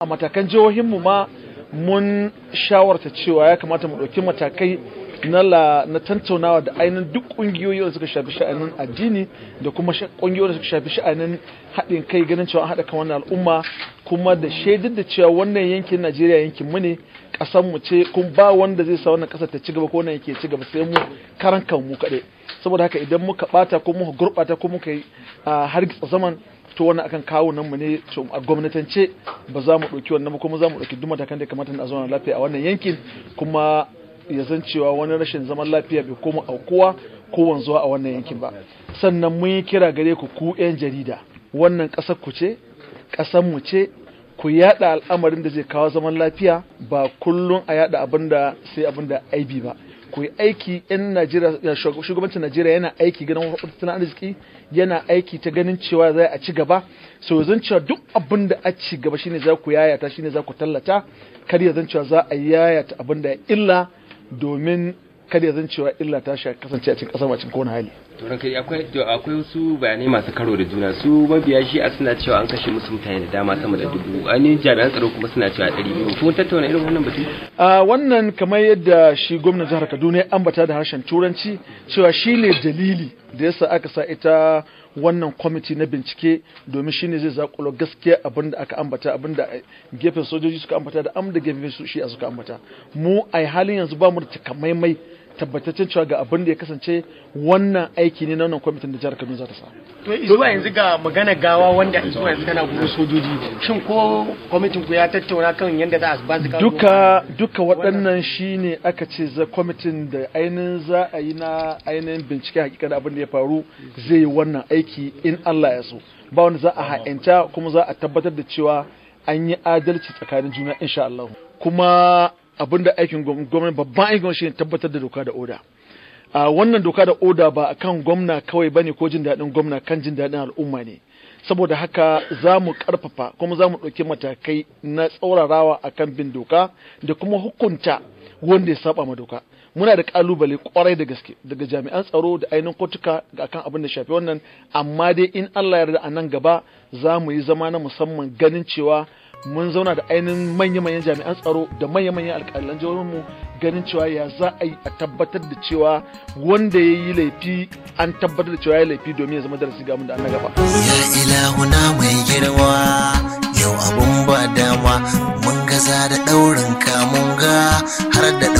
a matakan jihohinmu ma mun shawarta cewa ya kamata mu ɗauki matakai na tantaunawa da ainihin duk ƙungiyoyi da suka shafi sha'anin addini da kuma ƙungiyoyi da suka shafi sha'anin haɗin kai ganin cewa haɗa kan wannan al'umma kuma da shaidar da cewa wannan yankin Najeriya yankin mu ne ƙasar mu ce kun ba wanda zai sa wannan ƙasar ta ci gaba ko wannan yake ci gaba sai mu karan kan mu kaɗai saboda haka idan muka ɓata ko muka gurɓata ko muka yi hargitsa zaman to wannan akan kawo nan mu ne a gwamnatance ba za mu ɗauki wannan kuma za mu ɗauki duk matakan da kamata na zauna lafiya a wannan yankin kuma ya zan cewa wani rashin zaman lafiya bai koma aukuwa ko wanzuwa a wannan yankin ba sannan mun yi kira gare ku ku 'yan jarida wannan ƙasar ku ce ƙasar mu ce ku yada al'amarin da zai kawo zaman lafiya ba kullum a yada abin da sai abin da aibi ba ku yi aiki in Najeriya shugabancin Najeriya yana aiki ganin tattalin arziki yana aiki ta ganin cewa za a ci gaba so zan cewa duk abin da a ci gaba shine za ku yayata shine za ku tallata kar ya zan cewa za a yayata abin da illa domin kar ya zan cewa illa ta kasance a cikin kasar cikin kowane hali turan kai akwai akwai su bayanai masu karo da juna su mabiya shi a suna cewa an kashe musu mutane da dama sama da dubu an yi jami'an tsaro kuma suna cewa ɗari biyu kun tattauna irin wannan batu a wannan kamar yadda shi gwamnan jihar Kaduna ya ambata da harshen turanci cewa shi ne dalili da yasa aka sa ita wannan kwamiti na bincike domin shi ne zai zakulo gaskiya abin da aka ambata abin da gefen sojoji suka ambata da am da gefen su shi suka ambata mu a halin yanzu ba mu da takamaimai tabbataccen cewa ga abin da ya kasance wannan aiki ne na wannan kwamitin da jihar Kaduna za ta sa. Zuwa yanzu ga magana gawa wanda zuwa yanzu tana gurin sojoji shin ko kwamitin ku ya tattauna kan yadda za a ba su duka duka waɗannan ne aka ce za kwamitin da ainihin za a yi na ainihin bincike hakikar abin da ya faru zai yi wannan aiki in Allah ya so ba wanda za a ha'inta kuma za a tabbatar da cewa an yi adalci tsakanin juna insha Allah kuma da aikin gwamnati babban aikin shi tabbatar da doka da oda a wannan doka da oda ba kan gwamna kawai bane ko jin daɗin gwamna kan jin daɗin al'umma ne saboda haka za mu karfafa kuma za mu ɗauki matakai na tsaurarawa akan bin doka da kuma hukunta wanda ya saba ma doka muna da ƙalubale kwarai da gaske daga jami'an tsaro da ainihin kotuka ga kan abin da shafi wannan amma dai in Allah yarda a nan gaba za mu yi zama na musamman ganin cewa mun zauna da ainihin manya-manyan jami'an tsaro da manya-manyan alƙalan mu ganin cewa ya za a yi a tabbatar da cewa wanda ya yi laifi an tabbatar da cewa ya laifi domin ya zama darasi ga da an na gaba. Ya ilahuna mai girma yau abun ba dama mun gaza da ɗaurin kamun ga har da